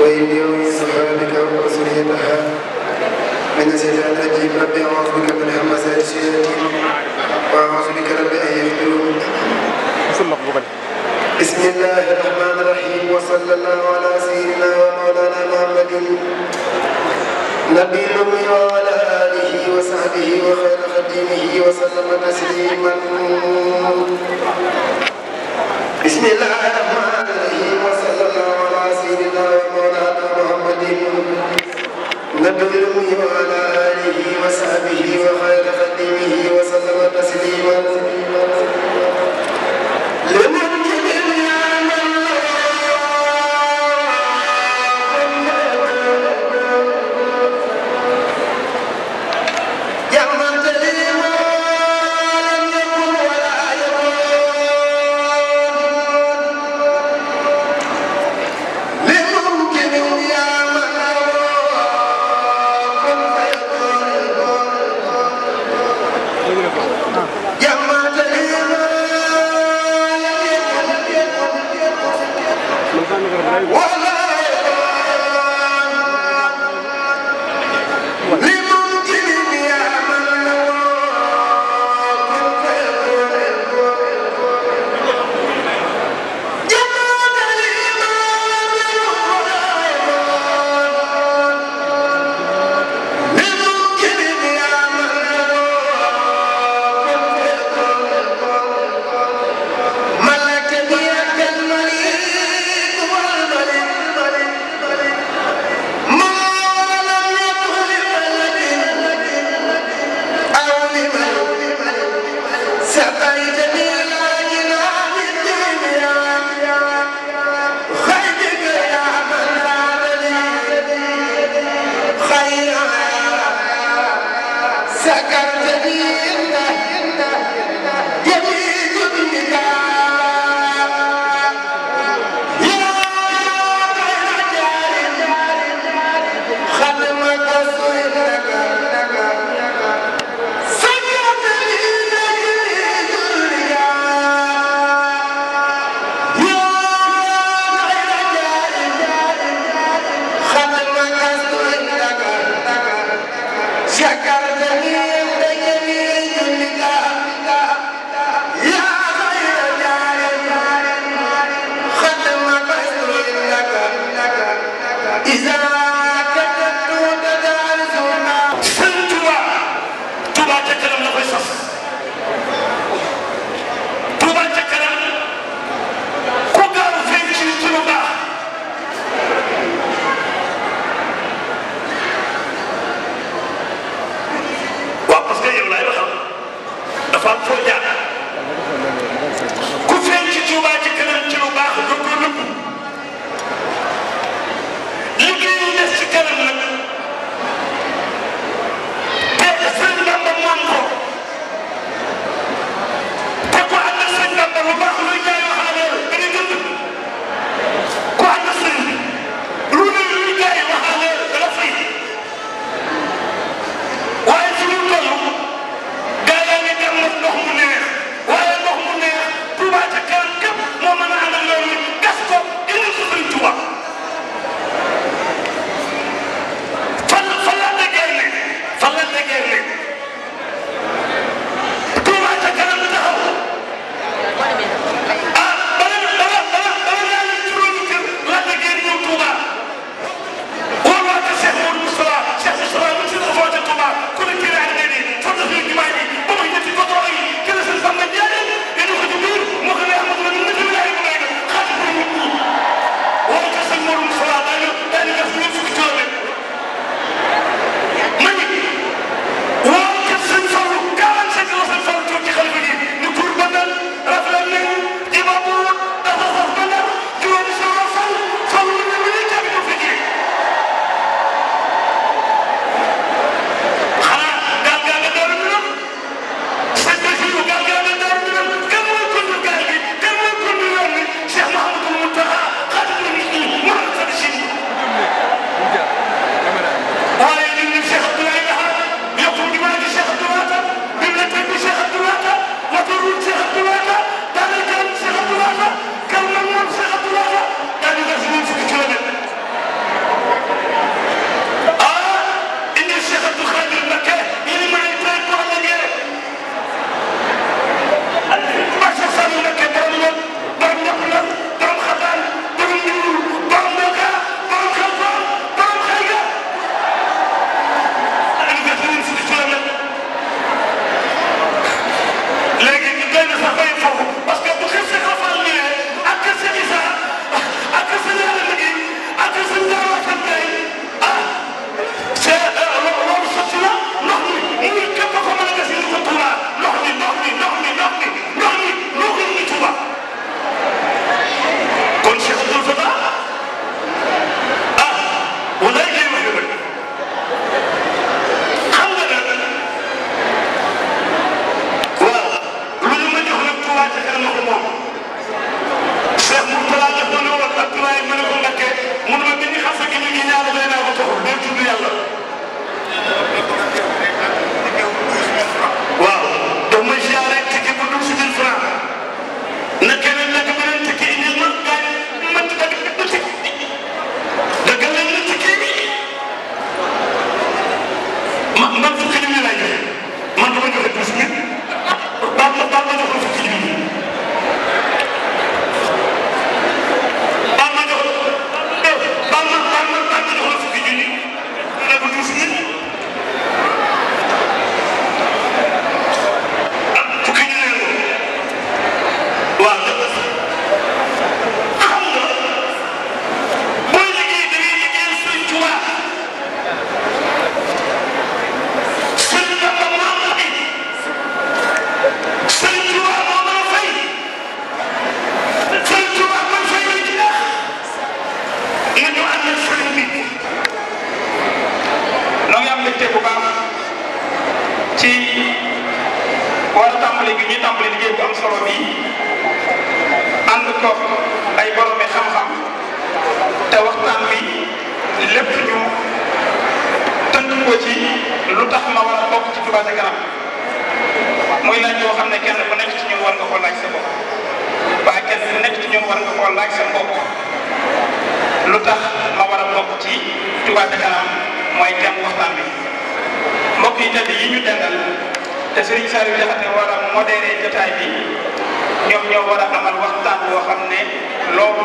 وإني أعيذها بك وذريتها من الشيطان الرجيم ربي أعوذ بك من همزات الشياطين وأعوذ بك ربي أن يحضرون بسم الله الرحمن الرحيم وصلى الله على سيدنا ومولانا محمد نبي الأمي وعلى آله وصحبه وخير خديمه وسلم تسليما بسم الله الرحمن الرحيم وصلى الله على سيدنا ندله على آله وصحبه وخير خدمه وسلم تسليما لمن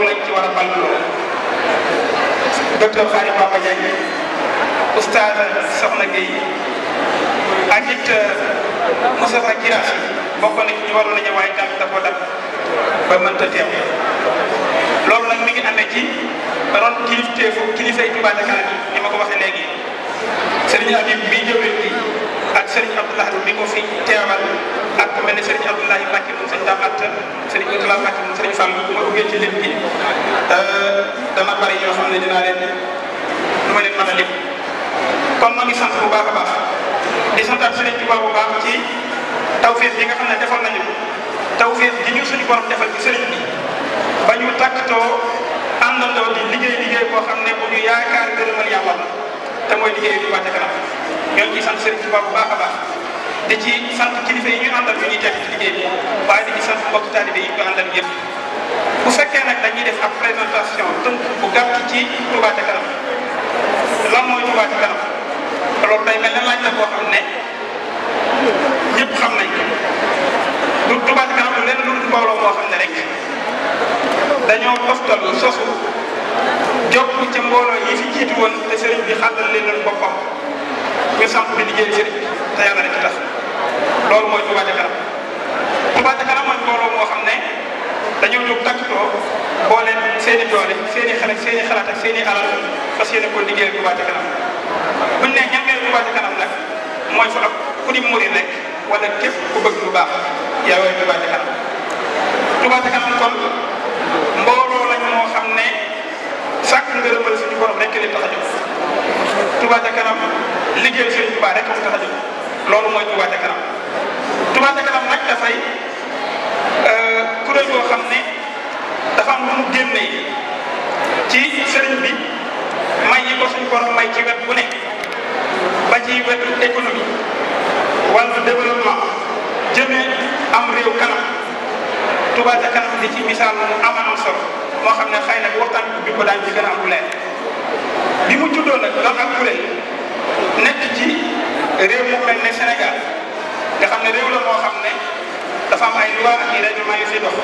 moom lañ ci war a balluloo docteur Khary Papa Diagne oustaz Soxna Gueye ak it euh, Moustapha Guirassy bokk na ci ñu waroon a loolu nag mi ngi amee ci ron kilifteefu kilifay Touba Ca Kanam ni ma ko waxee léegi Serigne Habib bi jëwriñ bi ak Serigne Abdoulaye mi ko fi teewal. ak ku mel ne Serigne Abdoulaye Mbacke moom Serigne Dame Atta Serigne Moutala Mbacke moom Serigne Fall bu ma ubbee ci lim bi euh, dana bari yoo xam ne dinaa leen du ma leen mën a lim kon ma ngi sant bu baax a baax di santaat Serigne Touba bu baax ci yi nga xam ne defal nañu ko tawféef di ñu suñu borom defal ci Serigne bi ba ñu tàkkatoo àndandoo di liggéey liggéey boo xam ne bu ñu yaakaar gërëmal yàlla la te mooy liggéey bi wàcce kanam ñoo ngi sant Serigne Touba bu baax a baax. di ci sant kilifa yi ñu àndal ñu ñuy teg ci liggéey bi waaye di ci sant mbokki taalibe yi ñu àndal yëpp bu fekkee nag dañuy def ak présentation tënk bu gàtt ci Touba kanam lan mooy Touba ca kanam loolu day mel ne laaj la xam ne ñëpp xam nañ du Touba ca kanam lenn lu dul mbooloo moo xam ne rek dañoo toftal sosu jokk ca mbooloo yi fi jiitu woon te sëriñ bi xàllal leen boppam ñu samp bi liggéey sëriñ te yàlla rek tax loolu mooy Touba ca kanam Touba a kanam mooy mbooloo moo xam ne dañoo jóg takkatoo boole seen i doole seen i xel seen i xalaat ak seen i alal fas yéene ko liggéeyal Touba ca kanam buñ ne ñan ngeen Touba ca kanam nag mooy fa ak bëgg lu baax yaa way Touba ca kanam Touba ca kanam kon mbooloo lañ moo xam ne sàkk ngërëmal suñu borom rek li tax a jóg kanam liggéeyal Sëriñ Touba rek ko tax a loolu mooy Touba ca kanam Touba ca kanam nag dafay euh, kuréel yoo xam ne dafa am lu mu génnee ci sëriñ bi may yi ko suñu borom may ci wet bu ne ba ci wetu économie wàllu développement jëme am réew kanam Touba ca kanam di ci misaal mu am am solo moo xam ne xëy na waxtaan bi ko daan ci a am lu leer bi mu juddoo nag doon ak nekk ci réew mu mel ne Sénégal nga xam ne réew la moo xam ne dafa am ay loi ak i règlement yu fi dox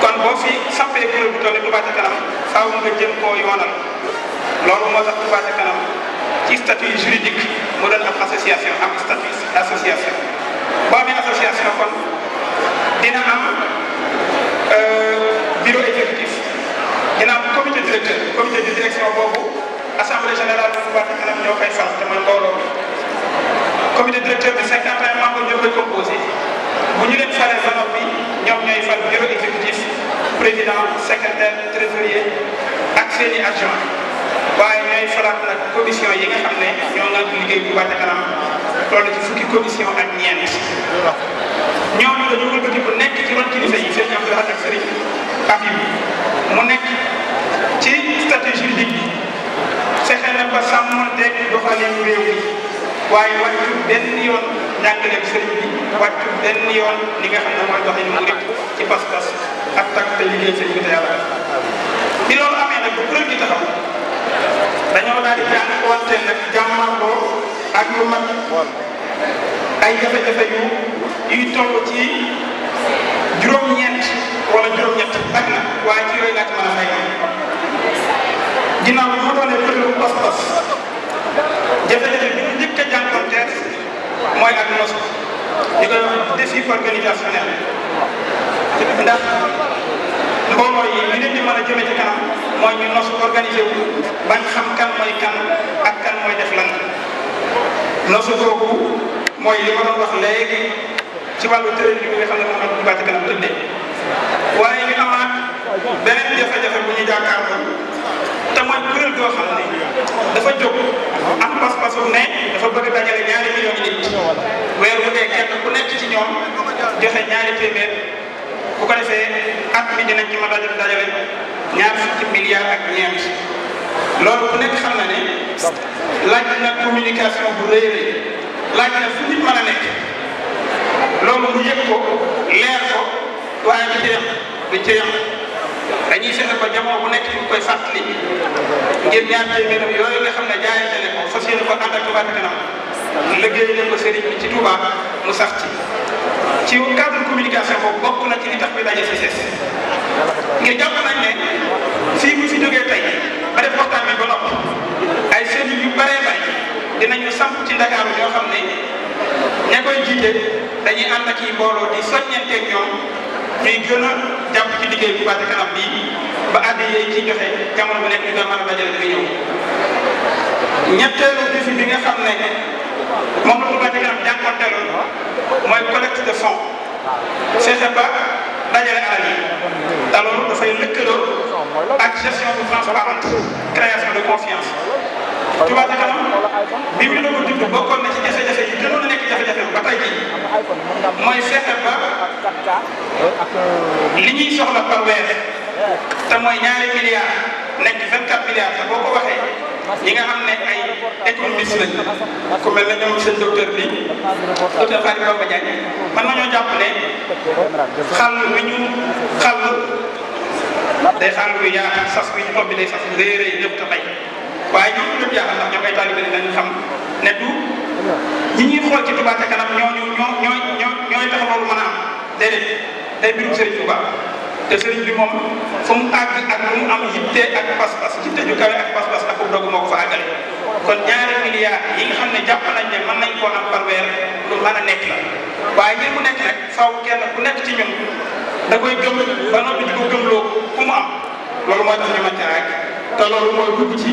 kon boo fi sampee kuréel bu toll nii Touba ca kanam faaw nga jëm koo yoonal loolu moo tax Touba ca kanam ci statut juridique mu doon am association am statut association. boo amee association kon dina am euh, bureau exécutif dina am comité directeur comité de direction boobu assemblée générale bu Touba ca kanam ñoo koy fal te mooy mbooloo comité directeur bi 50 ñoom lañ ko posé bu ñu leen falee ba noppi ñoom ñooy fal bureau exécutif président secrétaire trésorier ak seen i agent waaye ñooy falaat nag commission yi nga xam ne ñoo ngi leen liggéey bu Touba ca kanam toll ci fukki commission ak ñeent ñoom dañu wëlbati nekk ci ron kilifa yi sëñ Abdou Lahad ak sëriñ Habib mu nekk ci statut juridique bi fexe na ba sàmmanteeg doxalin réew mi waaye wàccu benn yoon. njàngaleem sëriñ bi wàcc benn yoon li nga xam ne mooy doxin murit ci pas-pas ak takk te liggéey sëriñ bi te yàlla bi loolu amee nag bu kuréel gi dañoo daal di jàng wante nag jàmmarloo ak lu mag ay jafe-jafe yu yuy toll ci juróom-ñeent wala juróom-ñett ak na waaye ci yooyu laaj mën a xayma ginnaaw bi ma doonee kuréel bu pas-pas jafe-jafe njëkk a jànkonteel mooy ak nos ñu koy wax défi organisationnel ndax mbooloo yi ñu leen di mën a jëme ci kanam mooy ñu nos organisé wu bañ xam kan mooy kan ak kan mooy def lan nosu googu mooy li ma doon wax léegi ci wàllu tërëli bi nga xam ne moom la ñu bàyyi kanam tëddee waaye ñu amaat beneen jafe-jafe bu ñu jàkkaarloo te mooy kuréel goo xam ne dafa jóg am pas-pasu ne dafa bëgg dajale ñaari millions yi nit weer bu dee kenn ku nekk ci ñoom joxe ñaari téeméer bu ko defee at mi di ci ma dajale dajale ñaar fukki milliards ak ñeent loolu ku nekk xam na ne laaj na communication bu rëy a rëy laaj na fu nit mën a nekk loolu mu yëg ko leer ko waaye du ci yem du dañuy fexe ko jamono bu nekk ñu koy fàttali ngir ñaar téeméer yooyu nga xam ne jaayante ne ko fas yéene ko ànd ak Touba ca kanam liggéey ne ko sëriñ bi ci Touba mu sax ci ci cadre communication boobu bokk na ci li tax bi daje fi ses ngir jàpp nañ ne fii mu fi jógee tey ba def waxtaan bi ba nopp ay sëriñ yu bëree bay dinañu samp ci Ndakaaru yoo xam ne ña koy jiite dañuy ànd ak yi mbooloo di soññanteeg ñoom tey gën a jàpp ci liggéey bu Touba ca kanam bi ba àddi yee ci joxe jamono nekk ñu doon mën a dajale di ñëw ñetteelu défi bi nga xam ne moom la Touba ca kanam jànkuwanteeloon mooy collecte de fonds fexe ba dajale alal yi te loolu dafay lëkkaloo ak gestion bu transparente création de confiance. Touba ca kanam bi mu doon tudd bokkoon na ci jafe-jafe yi gënoon a nekk jafe-jafe ba tey jii mooy fexe ba li ñuy soxla par weer te mooy ñaari milliards nekk 24 milliards te boo ko waxee ñi nga xam ne ay économiste lañ ku mel ne ñoom seen docteur bi docteur Fatou Bamba Diagne man ma ñoo jàpp ne xal wi ñu xal day xal wi yaa sas wi ñu mobilisé sas wi réeréer lépp te bay. waaye ñoom ñoo jaaxal ndax ñoom ay taalibe dañu xam ne du ñi ñuy xool ci Touba ca kanam ñooñu ñoo ñoo ñoo ñooy tax loolu mën a am déedéet day mbirum Serigne Touba te Serigne bi moom fu mu àgg ak lu mu am yitte ak pas-pas yitte ju kawe ak pas-pas ak dogu moo ko fa àggale kon ñaari milliards yi nga xam ne jàpp nañ ne mën nañ koo am par weer lu mën a nekk la waaye ngir mu nekk nag faaw kenn ku nekk ci ñun da koy gëm ba noppi di ko gëmloo ku mu am loolu mooy tax ñu mën caa àgg te loolu mooy dugg ci.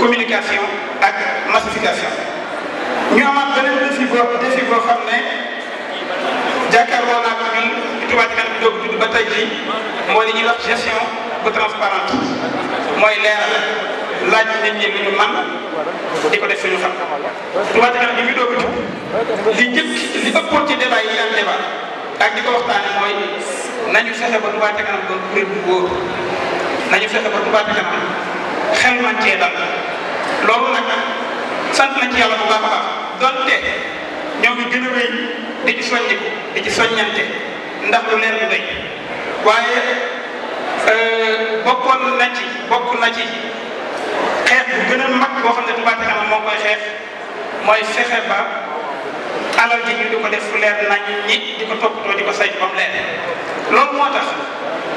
communication ak massification ñu amaat beneen défi boo défi boo xam ne jàkkaarloo naa ko ñun li Touba Ca Kanam doog tudd ba tey jii mooy li ñuy wax gestion bu transparente mooy leeral laaj man di ko def suñu xam Touba Ca Kanam ñu ngi doog jub li njëkk li ëppoon ci débat yi am débat ak di ko waxtaane mooy nañu fexe ba Touba Ca Kanam doon kuréel bu wóor nañu fexe ba Touba Ca Kanam xel man cee dal loolu nag sant nañ ci yàlla bu baax a donte ñoo ngi gën a di ci soññante ndax lu leer bu doy waaye euh, bokkoon na ci bokk na ci xeex bu gën a mag boo xam ne Touba Ca Kanam moo koy xeex mooy fexe ba alal ji ñu di ko def fu leer nañ ñi di ko toppatoo di ko saytu ba loolu moo tax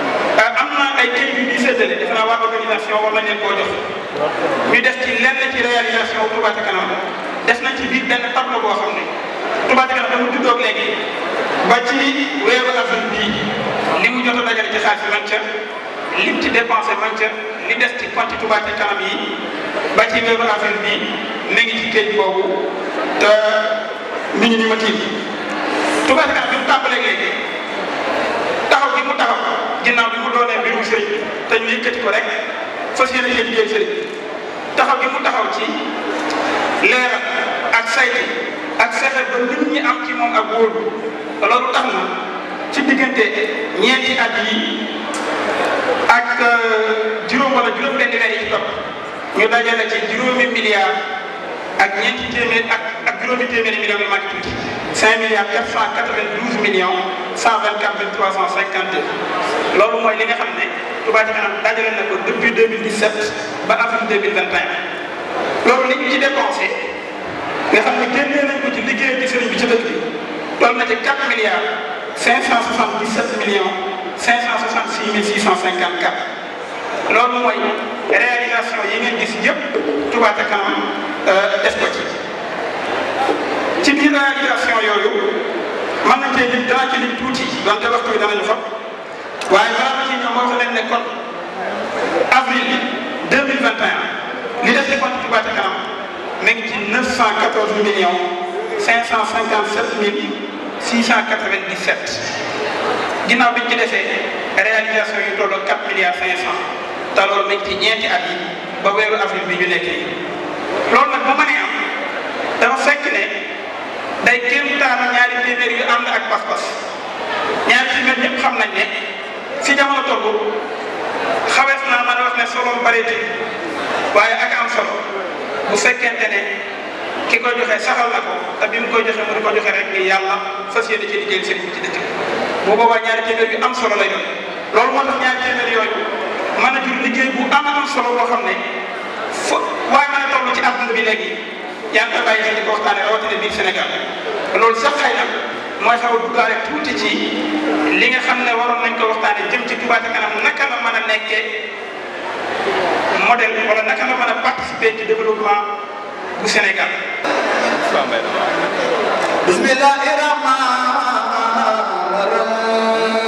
Euh, am na ay kayit yu ñuy séddale def naa waa organisation war nañ leen koo jox ñu def ci lenn ci réalisation Touba Ca Kanam def nañ ci biir benn na boo xam ne Touba Ca Kanam dama juddoog léegi ba ci weeru li mu jot a dajale ci xaalis man ca ci dépensé man ca des ci compte Touba Ca Kanam yi ba ci weeru avril bii mi ngi ci kayit boobu te mi ngi ni ma tiim Touba Ca Kanam bi mu tàmbalee léegi taxaw gi mu taxaw. ñu yëkkati ko rek fas yéene cee liggéey sëriñ bi taxaw gi mu taxaw ci leeral ak saytu ak sexe ba nit ñi am ci moom ak wóolu loolu tax na ci diggante ñeenti at yi ak euh, juróom wala juróom benn weer yi ci topp ñu dajale ci juróomi milliards ak ñeenti téeméer ak ak juróomi téeméeri millions yu mag tuuti 5 milliards 492 millions 124 mille 352 loolu mooy li nga xam ne. Touba Ca Kanam dajale na ko depuis 2017 ba avril 2021 loolu li ñu ci dépensé nga xam ne génnee nañ ko ci liggéey ci sëriñ bi ci dëkk bi toll na ci 4 milliards 577 millions 566 mille 654 loolu mooy réalisation yi ngeen gis yëpp Touba Ca Kanam euh, def ko ci ci biir réalisation yooyu mën na cee lim dana ci lim tuuti donte waxtu bi danañu fa. waaye loolu ci ñoom moo ko leen ne kon avril bi 2021 li def ci compte Touba Ca Kanam mi ngi ci 914 millions 557 mille 697 ginnaaw bi ñu ci defee réalisation yu tolloo 4 milliards 500 te loolu mi ngi ci ñeenti at yi ba weeru avril bi ñu nekkee loolu nag bu mënee am dafa fekk ne day kéem taanu ñaari téeméer yu ànd ak pas-pas ñaari téeméer ñëpp xam nañ ne. fi jamono toll xawees naa man wax ne solo bareeti waaye ak am solo bu fekkente ne ki koy joxe saxal na ko te bi mu koy joxe mu di ko joxe rek ni yàlla fas yéene ci liggéeyal sëriñ bi ci dëkk bu boobaa ñaari téeméer yu am solo lay doon loolu moo tax ñaari téeméer yooyu mën jur liggéey bu am am solo boo xam ne fo waaye mën a toll ci àdduna bi léegi yaa ngi koy bàyyi xel di ko waxtaane biir Sénégal loolu sax xëy mooy xaw a tuuti ci li nga xam ne waroon nañ ko waxtaanee jëm ci Touba Ca Kanam naka la mën a nekkee modèle wala naka la mën a participer ci bu Sénégal. bismillahi rahmaani rahim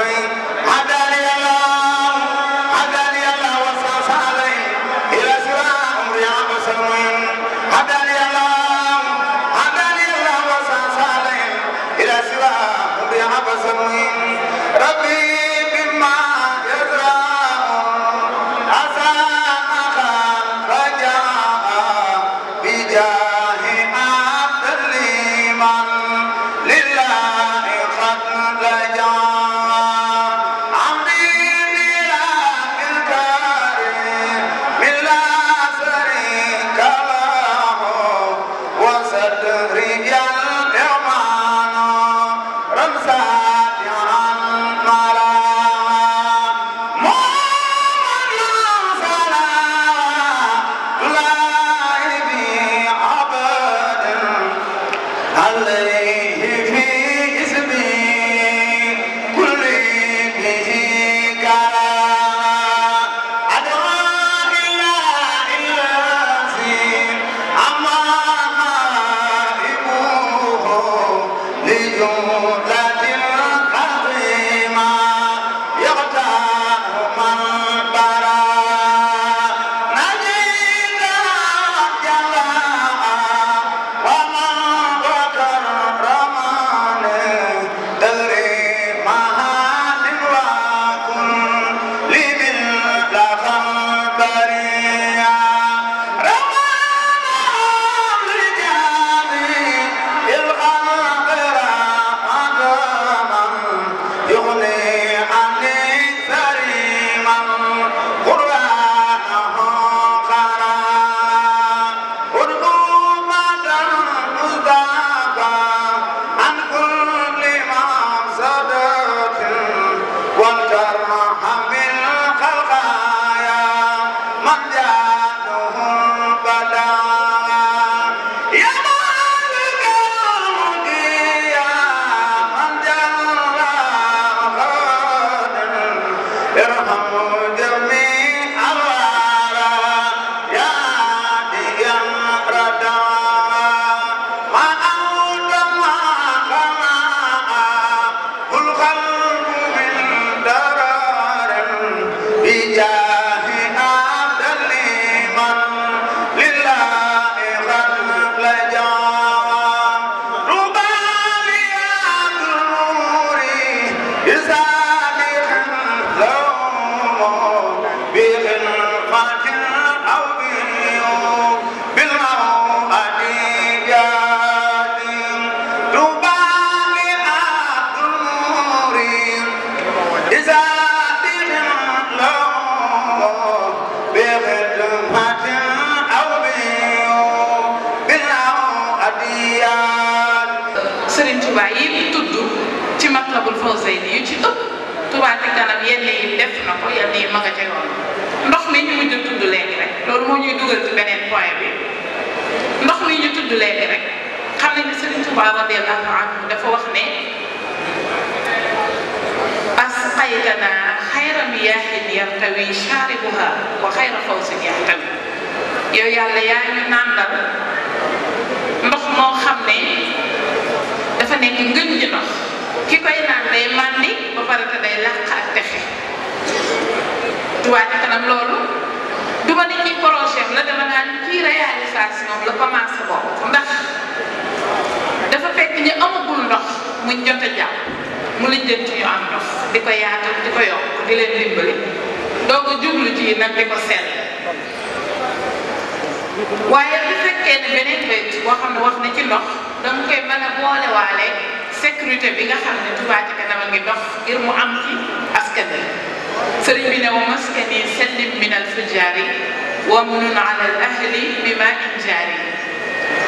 koy dugal ci beneen point bi ndox mi ñu tudd léegi rek xam ne Sëriñ Tuubaa radiyallaahu anhu dafa wax ne asqaytanaa xayra miyaahin yartawi shaaribuhaa wa xayra fawzin yahtawi yow yàlla yaa ñu nàndal ndox moo xam ne dafa nekk ngën ji ndox ki koy naan day màndi ba pare te day làq ak texe Tuubaa ci kanam loolu projet la dama naan kii réalisation la commencé boobu ndax dafa fekk ñu amagul ndox muñ jot a jàpp mu lijjanti ñu am ndox di ko yaatal di ko yokk di leen dimbali doo ko jublu ci nag di ko sell waaye bu fekkee ne beneen wet boo xam ne wax na ci ndox dama koy mën a boolewaale sécurité bi nga xam ne Touba Ca Kanam a ngi dox ngir mu am ci askan wi sëriñ bi ne wa maskani sallim wamnun ala al ahli bi ma jaari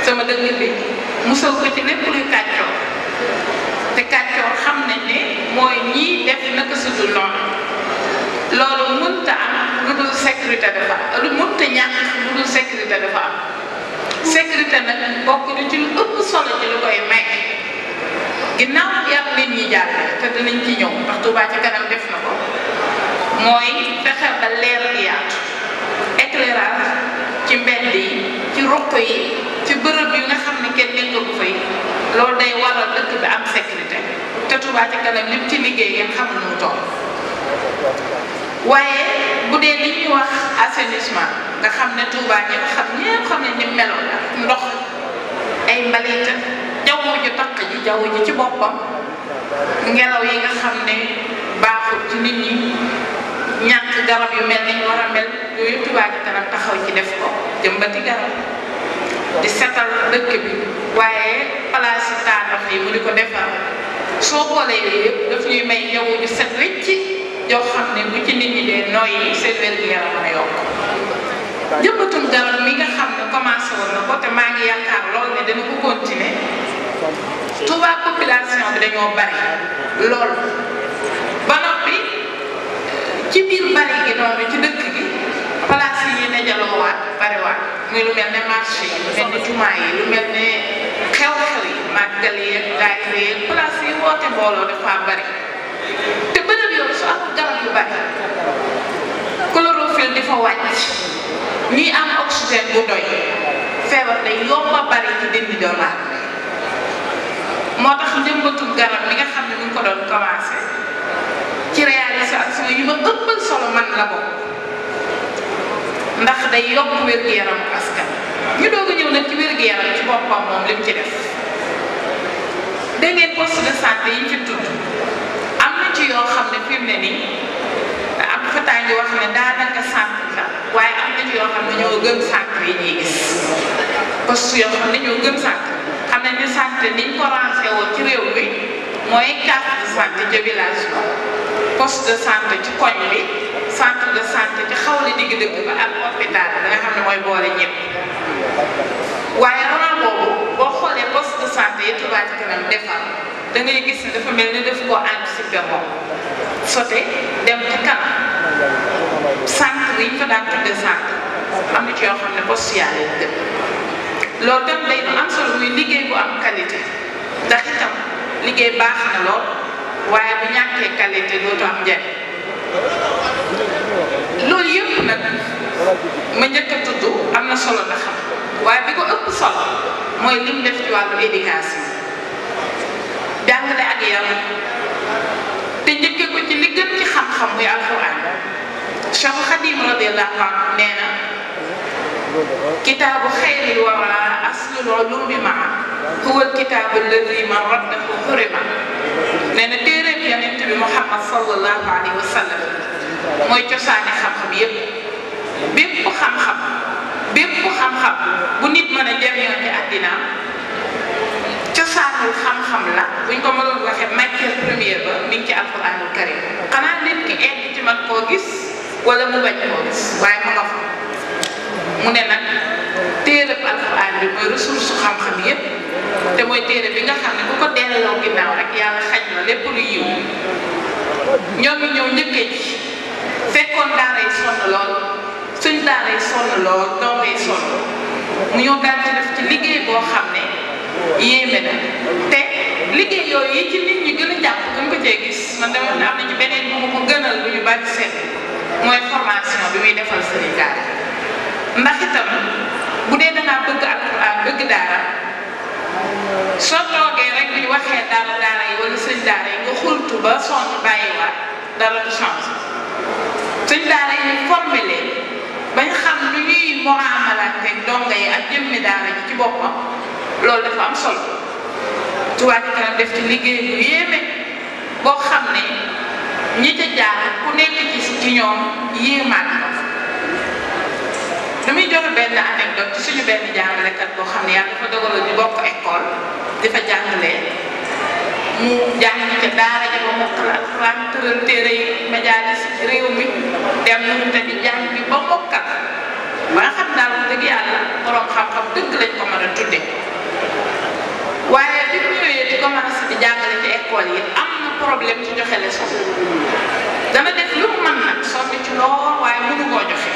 sama dëkk bi musal ko ci lépp luy kàccoor te kàccoor xam nañ ne mooy ñii def naka sudul noonu loolu mënta am lu dul sécurité dafa am lu mënta ñàkk lu dul sécurité dafa am sécurité nag bokk na ci lu ëpp solo ci lu koy may ginnaaw yàlla nit ñi jàll te nañ ci ñëw ndax Tuubaa ci kanam def na ko mooy fexe ba leer yaatu éclairage ci mbedd yi ci ruq yi ci bërëb yi nga xam ne kenn nekkagu fay loolu day waral dëkk bi am sécurité te Touba Ca Kanam lim ci liggéey ngeen xam nu mu toll waaye bu dee li ñuy wax assainissement nga xam ne Touba ñëpp xam ñëpp xam ne ni meloon ndox ay mbalit jaww ju takk ji jaww ji ci boppam ngelaw yi nga xam ne baaxul ci nit ñi ñàkk garab yu mel ni ñu war a mel. yooyu Touba Ca Kanam taxaw ci def ko jëmbati garab di setal dëkk bi waaye place yi taanox mu di ko defar soo boolee yooyu yëpp daf ñuy may yow ñu set wecc yoo xam ne bu ci nit ñi dee nooyi seen wér gi yaram a yokk jëmbatum garab mi nga xam ne commencé woon na ko maa ngi yaakaar lool ne dana ko continuer Touba population bi dañoo bari lool ba noppi ci biir bari noonu ci dëkk bi place yi ne jaloowaat bariwaat muy lu mel ne marché yi lu mel ne jumaa yi lu mel ne xew-xew yi màggal yi yi place yi woote mbooloo dafa bari te bërëb yooyu su amul garab yu bari chlorophylle di fa wàcc ñuy am oxygène bu doy feebar day yomb a bari ci dindi doomu aadama moo tax njëmbatul garab mi nga xam ne ñu ko doon commencé ci réalisation yi ma ëppal solo la bokk ndax day yokk wér-gu-yaramu askan ñu doog a ñëw nag ci wér-gu-yaram ci boppam moom lim ci def dégg post poste de yi ci tudd am na ci yoo xam ne fi mu ne nii am fataa ngi wax ne daanaka centre la waaye am na ci yoo xam ne ñoo gën centre yi ñuy gis poste yoo xam ne ñoo gën centre xam nañ ne centre niñ ko rancé woon ci réew mi mooy carte de santé ca village post de santé ci koñ bi centre de santé ci xaw la digg dëkk ba ak hôpital da nga xam ne mooy boole ñëpp waaye ramal boobu boo xoolee poste de santé yi Touba Ca Kanam defar da ngay gis ne dafa mel ni daf koo anticipé moom sote dem ci kanam centre yi ñu fa daan tudde centre am na ci yoo xam ne poste yaa leen dëkk loolu tam day am solo muy liggéey bu am qualité ndax itam liggéey baax na lool. waaye bu ñàkkee qualité dootu am njariñ loolu yëpp nag ma njëkk a tudd am na solo na xam waaye bi ko ëpp solo mooy lim def ci wàllu éducation jàngale ak yar te njëkkee ko ci li gën ci xam-xam muy alxuraan Cheikh Khadim radiyallahu anhu nee na kitaabu xayril wara aslul ulumi maa huwa kitaabu alladi man raddahu xurima nee na téeréem yonent bi Muhammad sallallahu alayhi wa mooy cosaani xam-xam yépp bépp xam-xam bépp xam-xam bu nit mën a jëriñoo ci àddinaam cosaanul xam-xam la buñ ko mënoon waxee matière première ba mi ci alquranul karim xanaa nit ki egg ci man koo gis wala mu bañ koo gis waaye mu nga mu ne nag téeréb alquran bi mooy ressource xam-xam yépp te mooy téere bi nga xam ne ku ko delloo ginnaaw rek yàlla xaj na lépp lu yiw ñoom ñu ñëw njëkkee ji fekkoon daaray sonn lool suñ daaray sonn lool doomay sonn mu ñoo daal di def ci liggéey boo xam ne yéeme na te liggéey yooyu yi ci nit ñi gën a jàpp gën ko cee gis man dama ne am na ci beneen bu mu ko gënal lu ñu bàyyi mooy formation bi muy defal sëriñ daara ndax itam bu dee dangaa bëgg alxuraan bëgg daara soo toogee rek bi waxee daara daara yi wala sëñ daara yi nga xultu ba sonn bàyyiwaat dara du change sëñ daara yi formé leen bañ xam lu ñuy muamalaat rek donga yi ak jëmmi daara ji ci boppam loolu dafa am sol Touba Ca Kanam def ci liggéey bu yéeme boo xam ne ñi ca jaar ku nekk ci ci ñoom yéemaat damay jël benn anecdote suñu benn jàngalekat boo xam ne yàlla dafa dogaloon ñu bokk école di fa jàngalee mu jàng ca daara ja ba mokkal alxuraan tëral téere yi majaalis ci te di jàng bi ba mokkal ba xam daal dëgg yàlla borom xam-xam dëgg lañ ko mën a tudde waaye bi mu ñëwee di commencé jàngale ci école yi am na problème ci joxe leçon dama def lu mu mën nag sonn ci lool waaye mënu koo joxe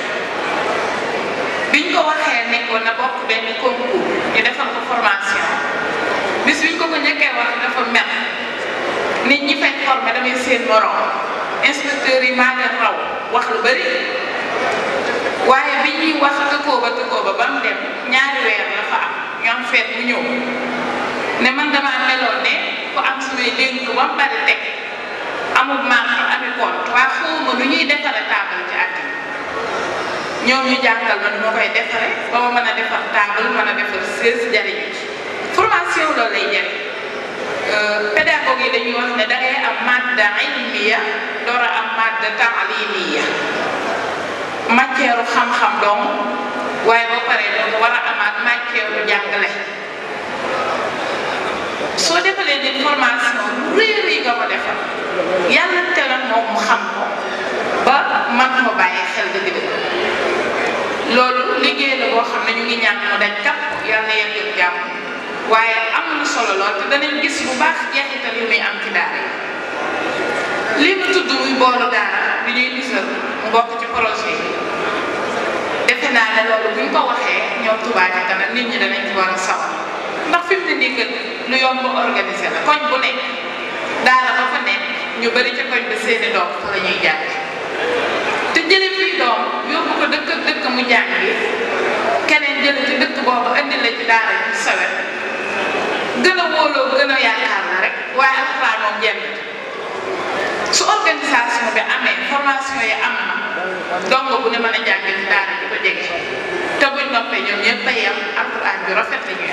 biñ ko waxee ne ko na bokk benn concours ñu defal ko formation bi biñ ko ko njëkkee wax dafa mel nit ñi fay formé damay seen morom inspecteurs yi maa ngi raw wax lu bëri waaye bi ñuy wax tëkkoo ba tëkkoo ba dem ñaari weer la fa am ñu feet mu ñëw ne man damaa meloon ne ku am suñuy dénk ba mu bari teg amul marché amikoon waa xawma lu ñuy defaree taabal ci at ñoom ñu jàngal man moo koy defare ba ma mën a defar table mën a defar sées jariñu formation loolu lay jariñ euh, pédagogue yi dañuy wax ne da ngay am madda ilmiya door a am madda taalimiya matière xam-xam doom waaye boo paree doo war a amaat matière jàngale soo defalee nit formation réer yi nga ko defal ngi ñaan mu daj kapp yal na yem jàmm waaye am na solo lool te danañ gis bu baax jeexital yu muy am ci daara yi li tudd muy boolu daara bi ñuy gisal mu ci projet yi defe naa ne loolu buñ ko waxee ñoom Touba Ca nit ñi danañ ci war a sawar ndax fi mu ne nii kat lu yomb organisé koñ bu nekk daara ba fa nekk ñu bari ca koñ ba seeni doom fa la te jële fii doom yóbbu ko dëkk dëkk mu jàng keneen jël ci dëkk boobu indi la ci daara ji sawet gën a wóoloo gën a yaakaar la rek waaye alxuraan moom jenn su organisation bi amee formation yi am na donc bu ne mën a jàng ci daara ji ko jege te noppee ñoom ñëpp a yem alxuraan bi rafet la ñuy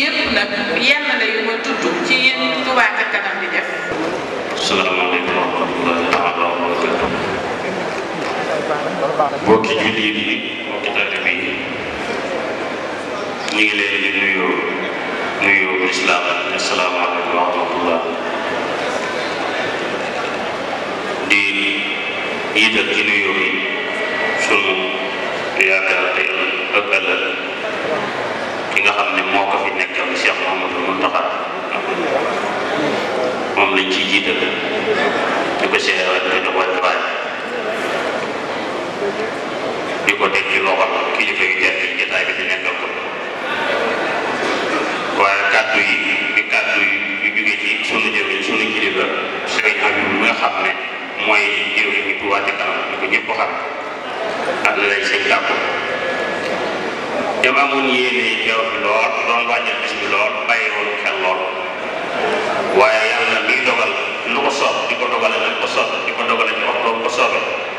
yëpp nag yenn la yu ma tudd ci yéen Touba ca kanam di def. salaamaaleykum. mbokki jullit yi mbokki taalibe yi ñu ngi leen di nuyu nuyu lislaam asalaamaaleykum wa rahmatullah di yiital ci nuyu bi sunu yaakaar tey ak ëllëg ki nga xam ne moo ko fi nekkal Cheikh Mouhamadou Mountakha moom lañ ciy jiital di ko seewaat di ko wàññiwaat. di ko teg ci loxol kilifa yu tedd yi bi di nekkal ko waaye kàddu yi bi kàddu yi yu jógee ci sunu jëriñ sunu kilifa sëriñ Habib bi xam ne mooy jëriñ bi Touba Ca Kanam di ko ñëpp xam ak lay sëñ Gàkku dem amoon yéene teew fi bi lool bàyyi woon xel lool waaye yàlla miy dogal lu ko soob di ko dogale nag ko soob di ko dogale ci waxtu ko soobee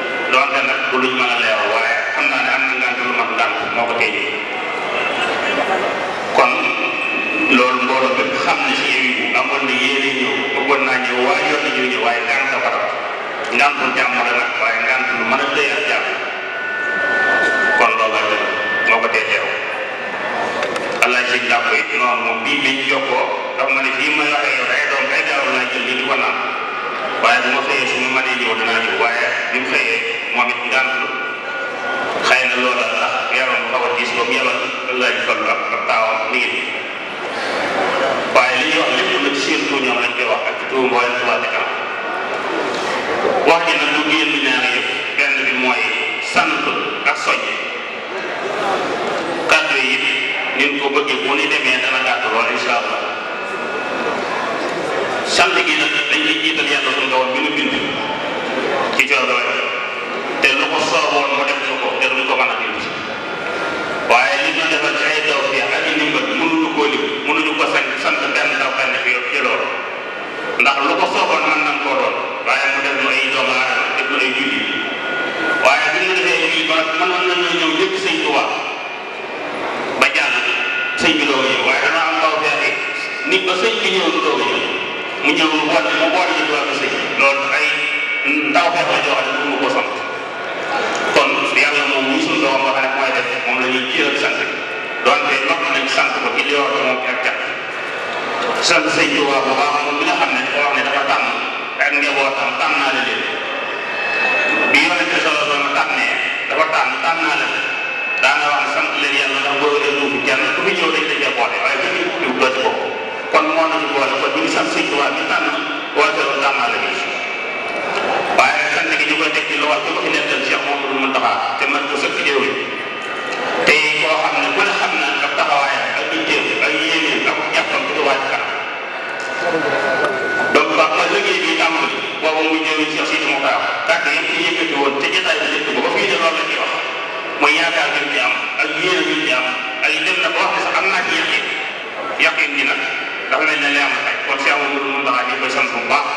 donte nag du luñ mën a leeral waaye xam naa ne am na ngant lu mat ngant moo ko tey kon loolu mbooloo bépp xam ne si yow yi amoon na yéene ñëw bëggoon naa ñëw waaye yoon a tëyal jàmm kon loolu la moo ko tey teew allah ci jàpp yi noonu moom bii biñ jokkoo daf ma ne fii may waxee yow doom day gaaw naa jël li di ko naan waaye bu ma xëyee su ma mënee ñëw waaye bi mu xëyee moom it ngàntu xëy na loola tax yaram xaw a diis ba mu yabal laaj toll ak ak taawam liggéey bi waaye li ñuy wax lépp nag surtout ñoom lañ koy wax ak tuum mooy Touba Ca Kanam wax ji nag du génn ñaar yëpp benn bi mooy sant ak soññ kàddu yi ngeen ko bëggee bu ñu demee dana gàtt lool incha allah sant gi nag dañ lay jiital yàlla suñu doon bi nu bind ci coono lu ko sooboon mu def ñu ko te duñ ko mën a dindi waaye li ñu defal ci ay taw fii ak i ndimbal mënuñu koo lim mënuñu ko sant sant benn taw benn bi ci loolu ndax lu ko sooboon mën nañ koo doon waaye mu def ñu ay doomu aadama def ñu ay julli waaye bi ñu defee lii ba mën nañoo ñëw yëpp sëñ Tuubaa ba jàll sëñ bi doog ñëw waaye dana am taw fii nit ba sëñ bi ñëw du doog ñëw mu ñëw mu boole mu boole ñu doog sëñ loolu ay ndaw fekk la jox donte nopp nañ sant ko ci li war ci moom ci ak cat sant sëñ Tuubaa bu baax moom mi nga xam ne wax ne dafa tànn ak njabootam tànn naa la leen bi yonente solo doon tànnee dafa tànn tànn naa la daana wax ne sant leen yàlla ndax boo wéree duufu kenn ku fi ñëw dañ la cee boole waaye dañuy diw doo ci bopp kon moo nañu boole kon ñu ngi sant sëñ Tuubaa mi tànn woote lu tànn naa la bi waaye sant gi ñu koy teg ci lu war ko fi nettal Cheikh Mouhamadou Mountakha te man ko sëkk jëwee te koo xam ne ku ne xam na ak taxawaayam ak itteem ak yéeneem ak jàppam ci Touba Ca Kanam donc ba ma liggéey bi tàmbali boobu mu jëriñ Cheikh Sidi Moukhtar kàddu yëpp ñu yëkkati woon te jotaay bi njëkk ba ba fii de loolu la ñuy wax mooy yaakaar bi ñu am ak yéene bi ñu am ay dem na ba wax sax am naa ci yaqin yaqin ji nag dafa mel ne li am tey kon Cheikh Mamadou Mountakha di koy sant bu baax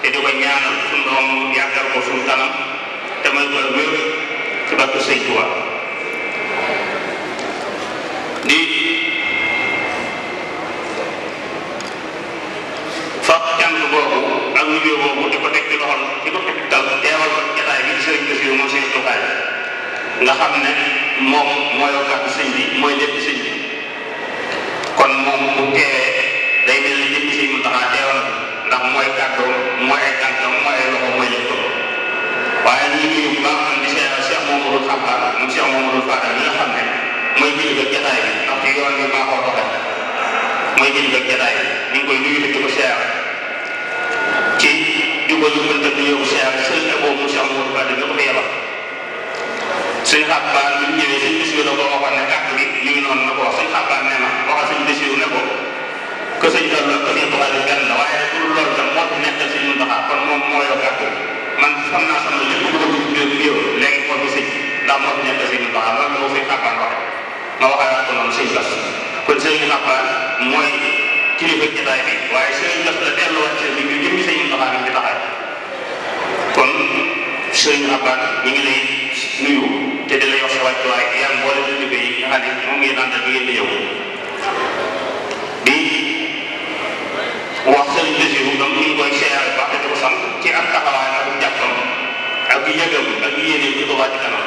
te di ko ñaanal suñu doom yàggal ko suñu kanam te may ko wér ci barke Sëñ Tuubaa di fab jàng boobu boobu di ko teg ci loxol di ko dal teewal ko jataay bi sëriñ bi nga xam ne moom mooy kàddu sëñ bi mooy lépp sëñ bi kon moom bu teewee day mel ni jëmm sëñ mu taxaa teewal ndax mooy kàddu mooy ay tànkam mooy ay loxo mooy lépp waaye ñu ngi bu baax di seeral Cheikh Mamadou Xabaar moom Cheikh Mamadou Fadal mi nga xam ne mooy kilifa jotaay bi ndax ci yoon bi maa ko doxe mooy kilifa jotaay bi ñu koy nuyu te di ko siyaar ci yu mënta nuyoo ko siyaar sëñ ne boobu mu Cheikh Modou Badji ko fi yebal suñ xabaar bi da ko waxoon ne kàtt bi ñu ngi noonu na ko wax suñ xabaar nee na waxal suñ bés ne ko que suñ tool la que suñ tuxaale benn la waaye pour loolu moo fi nekkal suñ mun taxaar kon moo yor kàtt man xam naa sama lépp lu ko dugg léegi moo fi sëñ ndax moo fi ma waxaat ko noonu sëñ Bass kon sëñ Abbaan mooy kilifa jotaay bi waaye sëñ Bass la delluwaat sëñ bi ñu jëmmi sëñ Moustapha mi ngi taxaw kon sëñ Abbaan ñu ngi lay nuyu te di la yox sa wàccuwaay yaa ngi boole dund bi nga xam ne moom ngeen ànd ak ngeen di ñëw di wax sëñ Bassirou donc ñu ngi koy seeyaale baax te ko sant ci ak taxawaay ak jàppam ak yëgam ak yéene ñu ko wàcc kanam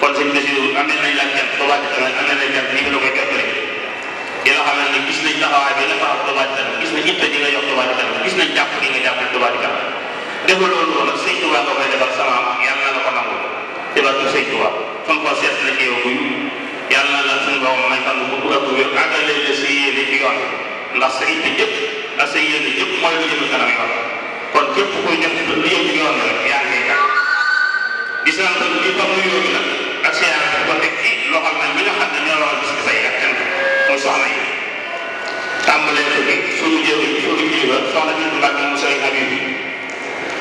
kon sëñ Bassirou amee nañ la gerte Touba Ca Kanam amee nañ gerte ni nga la koy gerte di la xamal ne gis nañ taxawaay bi nga taxaw Touba Ca Kanam gis nañ itte di nga jox Touba Ca Kanam gis nañ jàpp gi nga jàpp Touba Ca Kanam defaloo loolu nag sëñ Touba nga koy defal sama am yàlla na la ko nangu ci barke sëñ Touba kon ko seet na ci yow buy yàlla na la suñu borom may fan bu gudd ak bu wér àggale la sa yéene ci yoon ndax sa itte jëpp ak sa yéene jëpp mooy lu jëm kanam yoon kon képp kuy def lu jëm ci yoon rek yaa ngi gis naa ko li tax mu yóbbu nag ak siyaare bi ko teg ci loxol nag mi nga xam ne ñoo waral bis bi say ak cant muy soxna yi tàmbalee ko ci suñu jëw bi mu sëy Habib bi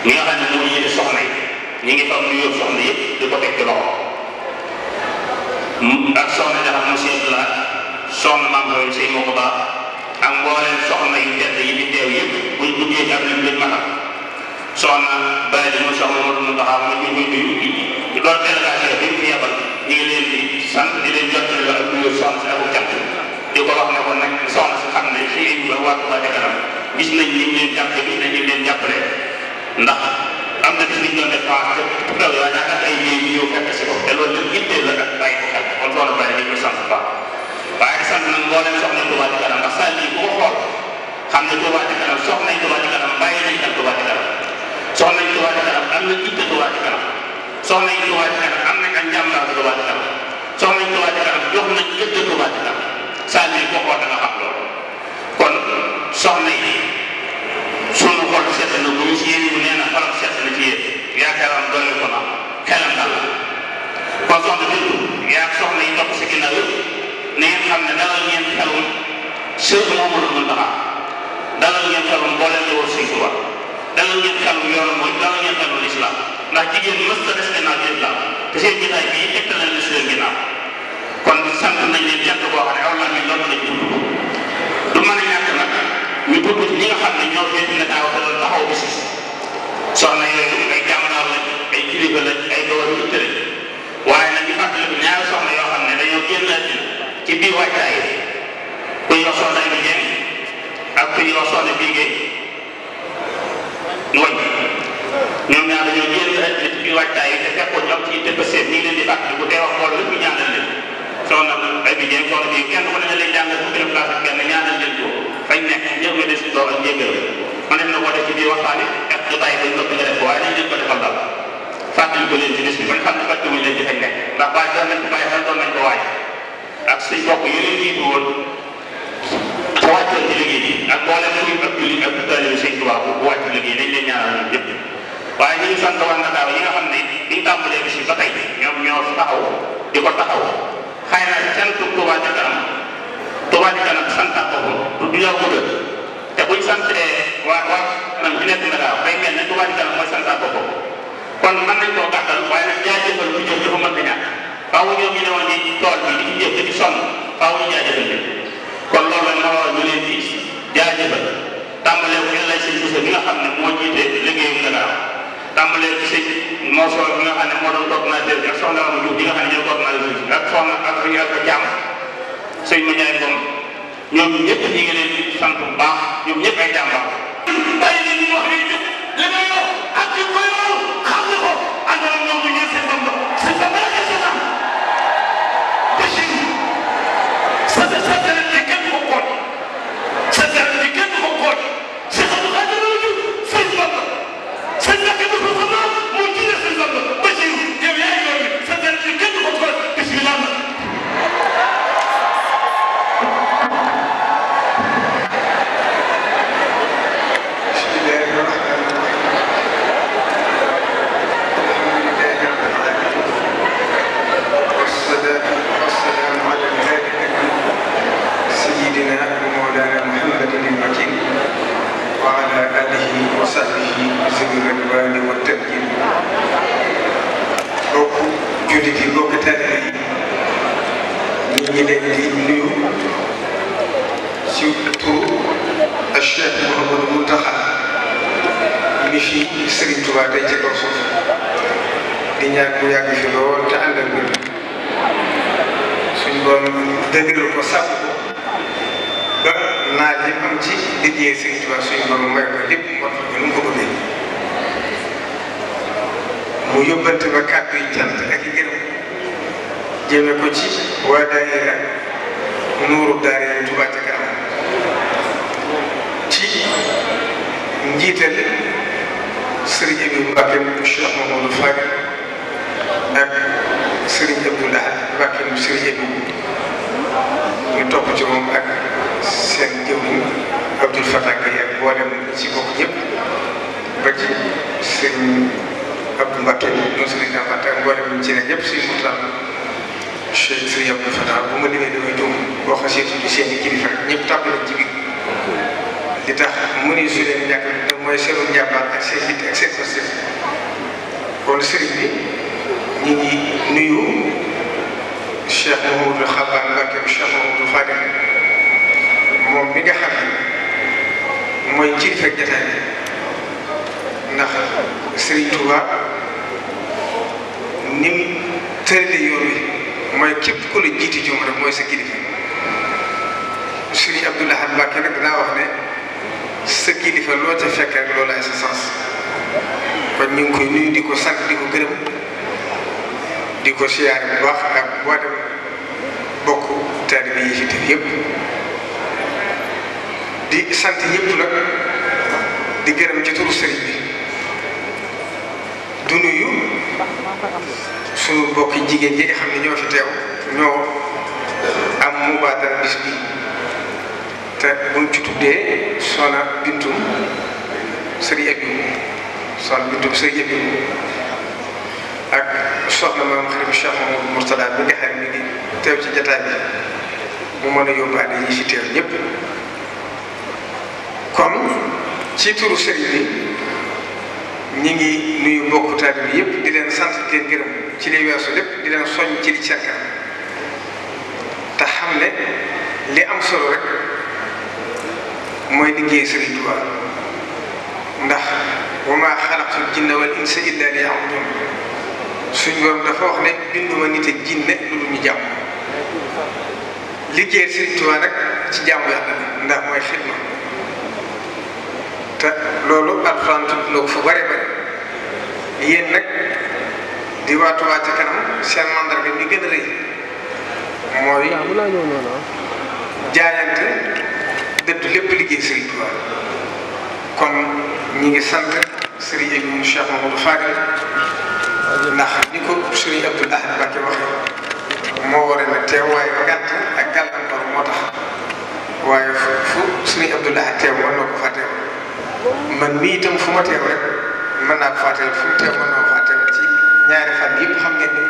ñi nga xam ne yi ñi ngi fam loxo ak soxna jaxam mu sëy la soxna maam xawil sëy moo ko baax ak mbooleem soxna yu yi fi teew yëpp buñ duggee ci am lim lañ matal soxna bàyyi di mu soxna moo doon taxaw ma ñu koy nuyu loolu délégation bi ñu yebal leen di sant di leen jottali la ak nuyoo soxna si ak jàpp di ko wax ne ko nag soxna si xam ne fii ñu ba waa Touba ca kanam gis nañ ni ñu gis na bis li ñu doon def waa pour daw yaa naan ay yéen ñu ñëw fekk si ko te loolu lépp itteel la nag bàyyi ko xel kon soxna bàyyi dañ koy sant baax waaye sant nag moo leen soxna Touba ca kanam ndax saa lii bu ko xam ne Touba ca kanam soxna Touba ca kanam bàyyi nañ xel Touba ca kanam soxna Touba ca kanam am na itte Touba ca soxna yi Touba Ca am nañ ak njàmbaar Touba Ca Kanam soxna yi Touba Ca Kanam jox saa yi ko xool da nga xam loolu kon soxna yi sunu xol seet na bu ñu si yéen ñu nee na xolam seet na ci yéen yaakaaram doole ko na xelam dal la kon soxna bi yaa soxna yi topp si ginnaaw yëpp na ngeen xam ne dalal ngeen xelum Cheikh Mamadou Mountakha dalal ngeen xelum boo leen di wër Sëñ Tuubaa dalal ngeen xelum yoonu mooy dalal ngeen ndax jigéen mës a des gannaaw lislaam te seen jotaay bii teg kon sant nañ jant boo xam ne aw laa ñu lool lañ du mën a ñàkk nag ñu tudd ci ñi nga xam ne ñoo fee ne daaw te doon taxaw bis soxna yooyu ay jàmbaaw lañ ay kilifa lañ ay doole yu tële waaye nag ñu fàttaliku ñaari soxna yoo xam ne dañoo génn àddina ci biir waajtaay yi kuy wax soxna wax soxna ñoom ñaar dañoo génn rek nit ñi waajtaay yi te fekkoon ñu am ci te bësee ñu ngi leen di fàttali bu dee wax xool lépp ñu ñaanal leen soxna ay bi jéem soxna bi kenn ku ne leen jàngal bu gën a place ak kenn ñaanal leen ko fañ nekk ñëpp nga des door ak njëgal man dem na ko def ci biir waxtaan yi ak jotaay dañ ko bëgg a def waaye dañ leen ko defal dal fàttali ko leen ci bis bi bañ xam ne fàttaliwuñ leen ci fañ nekk ndax waaye doon nañ ak suñ bokk yi leen jiitu woon wàccoon ci liggéey bi ak boole ak julli ak taalibe Sëñ Tuubaa waaye ñu ngi sant waa Ndakaaru yi nga xam ne biñ tàmbalee bis bi ba tey ñoom ñoo taxaw di ko taxaw xëy na sant Tuubaa ca kanam Tuubaa ca kanam santaat ko du du yow gudd te buñ santee waa waa man fi nekk Ndakaaru day mel ne Tuubaa ca kanam mooy santaat ko kon mën nañ koo gàttal waaye nag jaajëfal bu jëf dafa mën di ñàkk faaw ñoom ñu ne woon ni tool bi di ci jëf di ci sonn faaw ñu jaajëfal kon loolu la ñu war a ñu leen di jaajëfal tàmbalee ko moo soo bi nga xam ne moo doon coordonnateur bi ak soxna Amadou Diouf bi nga xam ne ñoo coordonnateur bi ak soxna ak suñu ak jaam sëñ ma ñaay moom ñoom ñëpp ñi ngi leen di sant bu baax ñoom ñëpp ay jàmbaar. ñu wax leen la nga yor ak ci koy gi rek waaye ni woon teg gi bokku jullit yi bokku tele yi ñu ngi leen di nuyu ci turu Cheikh Mouhamadou Mountakha mi fi Serigne Touba tey ci kaw suuf di ñaan mu yàgg fi lool te ànd ak ñun suñu borom ko sàmm ba naaj yi ci liggéey Serigne Touba suñu borom may ko lépp moo tax ñu ko mu yóbbante ba kàddu yi cant ak i gërëm jëme ko ci waa daayira nuuru daayira Touba ca kanam ci njiital sëriñ Abdou Mbacke mu Cheikh Mamadou Fag ak sëriñ Abdou Lahad Mbacke mu sëriñ Abdou ñu topp ci moom ak seen jëwriñ Abdoul Fatah Gaye ak boolem ci bokk ñëpp ba ci sëriñ Abdou Mbacké moom Serigne Dame Mbacké bu ma seen i kilifa ñëpp tàbb nañ ci tax mu ne su leen bi ñu ngi nuyu Cheikh Mouhamadou Xaban Mbacké moom mi xam ne mooy kilifa jataay bi Serigne Touba ni mu tëralee yoon wi mooy képp ku la jiite rek mooy sa kilifa Serigne Abdou Lahad Mbacké wax ne sa kilifa loo ca fekk rek loolu ay sa kon ñu ngi koy nuyu di ko sant di ko gërëm di ko siyaare bu baax ak boo dem bokk taalibe yi fi yëpp di sant ñëpp nag di gërëm ci turu Serigne bi. du nuyu suñu bokki jigéen ñi nga xam ne ñoo fi teew ñoo am mubaatar bis bi te buñ ci tuddee soxna bintum sëriñ Abiw soxna bintum sëriñ Abiw ak mu mën a yóbbaale ñi fi teew ñëpp kon ci turu sëriñ ñi ngi nuyu mbokku taalibe bi yëpp di leen sant di leen gërëm ci li weesu lépp di leen soñ ci li càkka te xam ne li am solo rek mooy liggéey Sëriñ Tuubaa ndax wa maa xalaqtu jinna wal insa illa ñu jàmm liggéey Sëriñ rek ci jàmm yàlla ndax mooy xidma te loolu alxuraan tudd fu bare bare yéen nag di waa Touba ca kanam seen mandarga mi gën a rëy mooy ah. jaayante dëddu lépp liggéey Serigne Touba kon ñi ngi sant Serigne ak ñun Cheikh Mamadou Fadil ndax ni ko Serigne Abdoul Ahad Mbacké waxee moo waree na teewaay gàtt ak gàllankoor moo tax waaye fu Serigne Abdoul Ahad teew war na ko fa teew man mii itam fu ma teew rek mën naa ko fàtteel fu mu teew mën naa ko fàtteel ci ñaari fan yëpp xam ngeen ni mu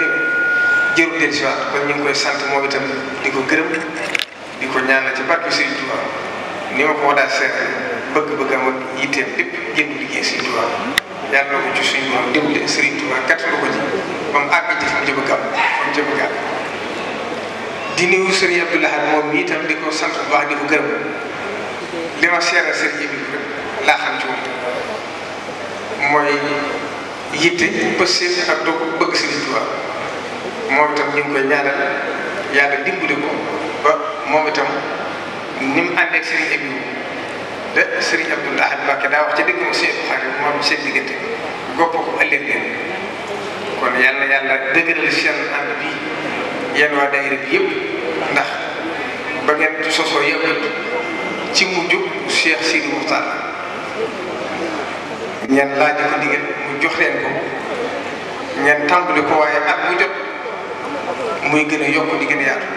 jëru del si waat kon ñu ngi koy sant moom itam di ko gërëm di ko ñaanal ci barke Serigne Touba ni ma ko daa seet bëgg-bëggam ak yitteem lépp génn liggéey Serigne Touba yàlla na ko ci suñu moom dimbali Serigne Touba kat la ko ji ba mu àgg ci fa mu sant bu baax di ko gërëm li laa xam ci moom mooy yitte pëstéef ak doog bëgg Sëriñ Tuubaa moom itam ñu ngi koy ñaanal yàlla dimbali ko ba moom itam ni mu ànd ak Sëriñ Abibu da Sëriñ Abdul Ahad Mbàkke daa wax ci dëgg mu seen xarit ko ëllëg leen kon yàlla yàlla dëgëral seen ànd bii yéen waa daayira bi yëpp ndax ba ngeen sosoo yëpp ci mujj Cheikh Sidi Muxtaar ngeen laaj ko ndigal mu jox leen ko ngeen tàmbali ko waaye at mu jot muy gën a yokk di gën a yaatu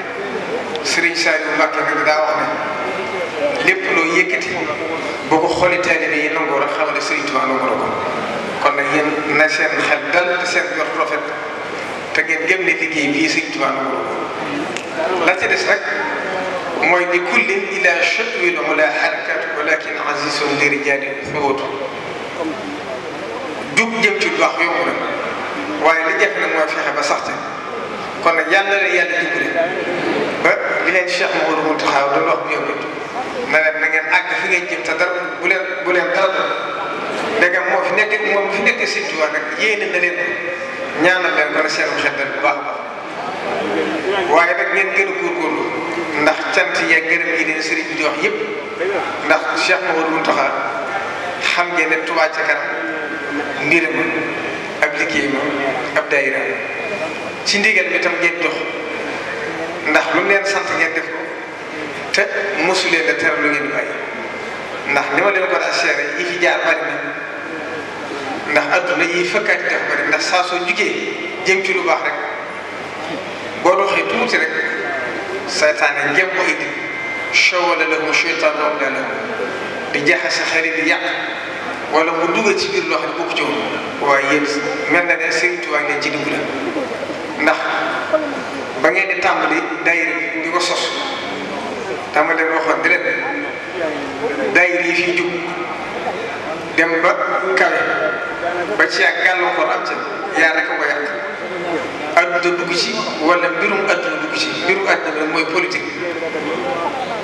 Serigne Saliou Mbacke nag daa wax lépp loo yëkkati boo ko xoolee taalibe yi nangoo rek xamal ne Serigne Touba nangoo ko kon nag yéen na seen xel dal te seen jot rafet te ngeen gëm ne liggéey bii Serigne Touba nangoo ko la ci des nag mooy li kullin ila chatwil jug jëm ci lu baax yomb na waaye li jafe nag ba sax kon nag yàlla na yàlla dimbali ba li leen Cheikh Mawalou Moutakha doon wax bu yëngu na leen ngeen àgg fi ngeen jëm te dara bu leen bu leen dara doon dégg moo fi nekk moom fi nekk si tubaab nag yéene na leen ñaanal leen ba la seen xel bu baax a baax waaye ngeen gën a ndax cant yeeg gërëm yi leen sëriñ bi di wax yëpp ndax Cheikh Mawalou Moutakha xam ngeen ne Touba ca kanam. mbiram ab liggéeyam ab daayira ci ndigal bi tam ngeen jox ndax lu leen sant ngeen def ko te mosu leen a teral ngeen di bàyyi ndax ni ma leen ko daa seere yi fi jaar bari na ndax adduna yi fëkkaati def bari ndax saa soo jugee jëm ci lu baax rek boo doxee tuuti rek saytaane ngeen ko indi shawala lahu shaytaan di jaxase xarit yàq. wala mu dugg ci biir loo xam ne bokku ci woon waaye yéen mel na ne Serigne Touba ngeen ci dimbali ndax ba ngeen di tàmbali daayira bi di ko sos tàmbali waxoon di fi jub dem ba kawe ba ci ak gàllankoor am ca yaa rek ko yàq adduna dugg ci wala mbirum adduna dugg ci mbirum adduna mooy politique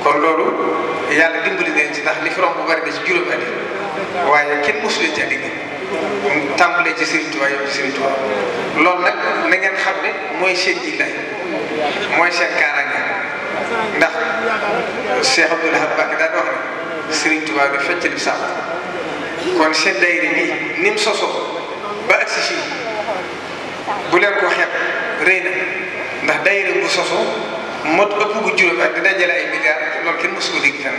kon loolu yàlla dimbali leen ci ndax li fi romb bu bari na ci juróomi at waaye kenn mosu leen dégg tàmbalee ci Serigne Touba yow ci Serigne Touba loolu nag na ngeen xam ne mooy seen jillaay mooy seen kaaraange ndax Cheikh Abdoul Ahad Mbacké daan wax ne Serigne Touba bi fecc li sax kon seen dayri bi ni mu sosoo ba agsi fii bu leen ko xeeb rëy na ndax dayri bu sosoo mot ëpp gu juróom ak di dajale ay milliards loolu kenn mosu ko dégg fenn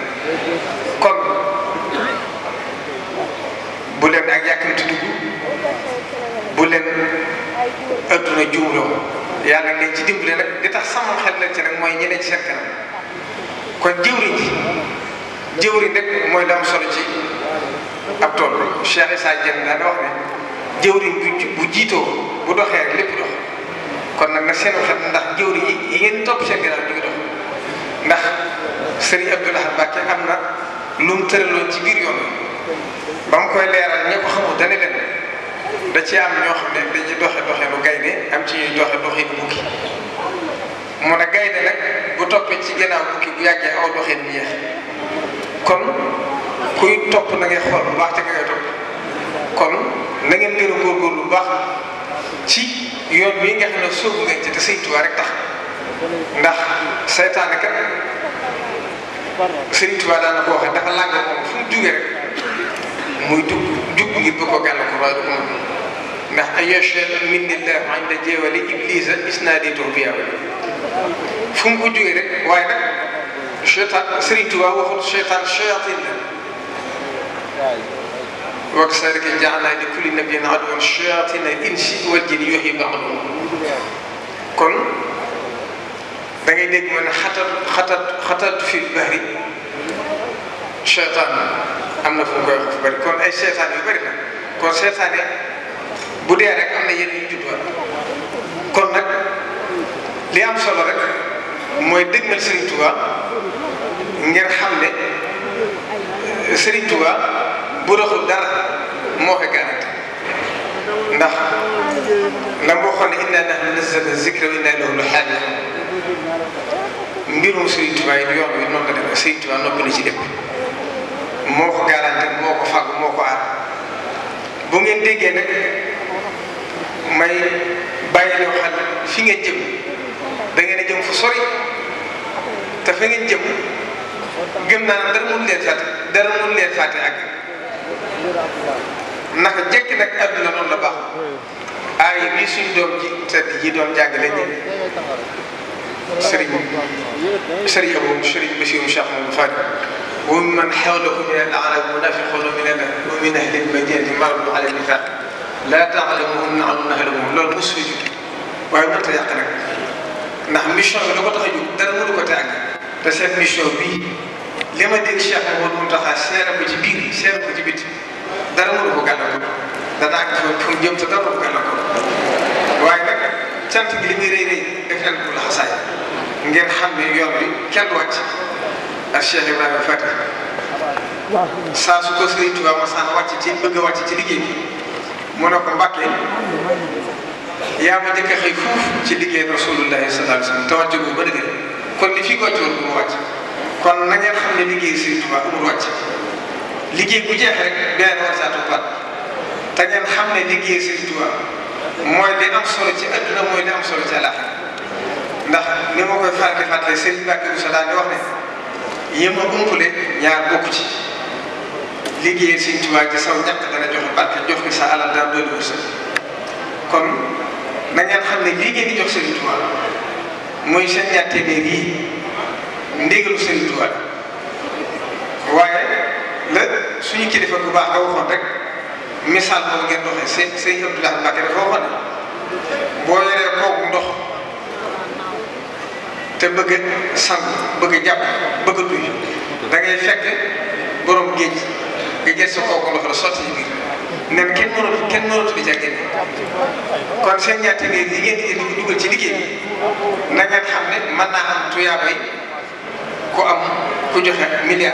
kon. bu leen ak yàkkamti dugg bu leen adduna juumloo yàlla dañ ci dimbale rek di tax sama xel la ci rek mooy ñeneen ci seen kanam kon jëwriñ ji jëwriñ rek mooy dam solo ci ab tool Cheikh Issa Dieng daal wax ne jëwriñ bu bu jiitoo bu doxee rek lépp dox kon nag na seen xel ndax jëwriñ yi yi ngeen topp seen gannaaw ñu ngi dox ndax Serigne Abdoulaye Mbacke am na lu mu ci biir yoon ba mu koy leeral ñi ko xamul dana leen da ci am ñoo xam ne dañuy doxe doxe lu gaynde am ci ñuy doxe doxe bukki mu ne gaynde nag bu toppee ci ginnaaw bukki bu yàggee aw doxin bi yéex kon kuy topp na ngay xool bu baax baax ci yoon bii nga xam ne sóobu ngeen ci te Sëñ rek tax ndax seytaane kat Sëñ Tuubaa daana ko dafa làng fu mu jugee rek muy dugg jug ngir bu ko gàllankoor du ko mën ndax ay yashal minillah inda jeewali iblisa isnaadi turbiyawa fu mu ko jógee rek waaye nag seytaan Sëriñ Tuubaa waxul seytaan shayatin la wa kazaalika ja'alnaa li kulli nabiyyin aduwwan shayaatina al-insi wal jinni yuuhaa ba'duhum kon da ngay dégg man xatat xatat xatat seetaan am na fu mu koy wax kon ay seetaan yu bëri la kon seetaan yi bu dee rek am na yenn yu judduwaat kon nag li am solo rek mooy dëgmal Serigne Touba ngir xam ne Serigne bu doxul dara moo ko garanti ndax la mu waxoon ne inna nahnu nazzalna zikra wa inna lahu lahaafizuun mbirum Serigne Touba yi yoon wi noonu la demee Serigne Touba noppi na ci moo ko garanti moo ko fàgg moo ko aar bu ngeen déggee nag may bàyyi ñoo fi ngeen jëm da ngeen jëm fu sori te fa ngeen jëm gëm naa dara mun leen fàtte dara mun leen fàtte ak naka jekk nag àdduna noonu la baax aay bi suñ doom ji tedd ji doon jàngale ñi sëriñ sëriñ Abou sëriñ Bassirou Cheikh Mamadou Fadi وممن حولكم من الأعراب منافقون ومن أهل المدينة مرضوا على النفاق laa ta'lamuhum na'lamu nahluhum loolu mos fa jóg waaye mënut a yàq nag ndax mission bi da ko tax a jóg dara mënu ko te àgg te seen mission bii li ma dégg Cheikh Mouhamadou Mountakha seere ko ci biir seere ko ci biti dara mënu ko gàllankoor dana àgg fa fu mu jëm te dara ko gàllankoor waaye nag cant gi li muy rëy rëy def leen ko laxasaay ngeen xam ne yoon bi kenn wàcc. ak Cheikh Ibrahima Fatick saa su ko Serigne Touba masaan wàcc ci bëgg a ci liggéey bi mu ne ko Mbàkke yaa ma njëkk a xëy fuuf ci liggéey rasulullahi sallallahu ba kon li ci mu wàcc kon na ngeen xam ne bu jeex rek gaa saa toppaat te ngeen xam ne liggéey Serigne Touba mooy li am solo ci àdduna mooy li am solo ci àllaaxira ndax ni ma koy faral di fàttali Serigne Mbàkke Moussa daal di wax ne yéem a umpale ñaar bokku ci liggéeyal Sëñ Tuubaa ci saw ñàkk dana joxe barke jox ko sa alal daal doon wërsëg kon na ngeen xam ne lii ngeen di jox Sëñ Tuubaa mooy seen ñaar téeméer yi ndégalu Sëñ Tuubaa waaye la suñu ci defal bu baax nga waxoon rek misaal boobu ngeen doxee seen seen Abdoulaye Mbacke dafa waxoon ne boo yoree kooku ndox te bëgg a sang bëgg a jàpp bëgg a duy da ngay fekk borom géej nga jël sa kooku ndox la sotti ci biir kenn mënatu kenn mënatu bi caa kon seen ñaata yi li ngeen di indi dugal ci liggéey bi na xam ne mën naa am tuyaabay ku am ku joxe milliard.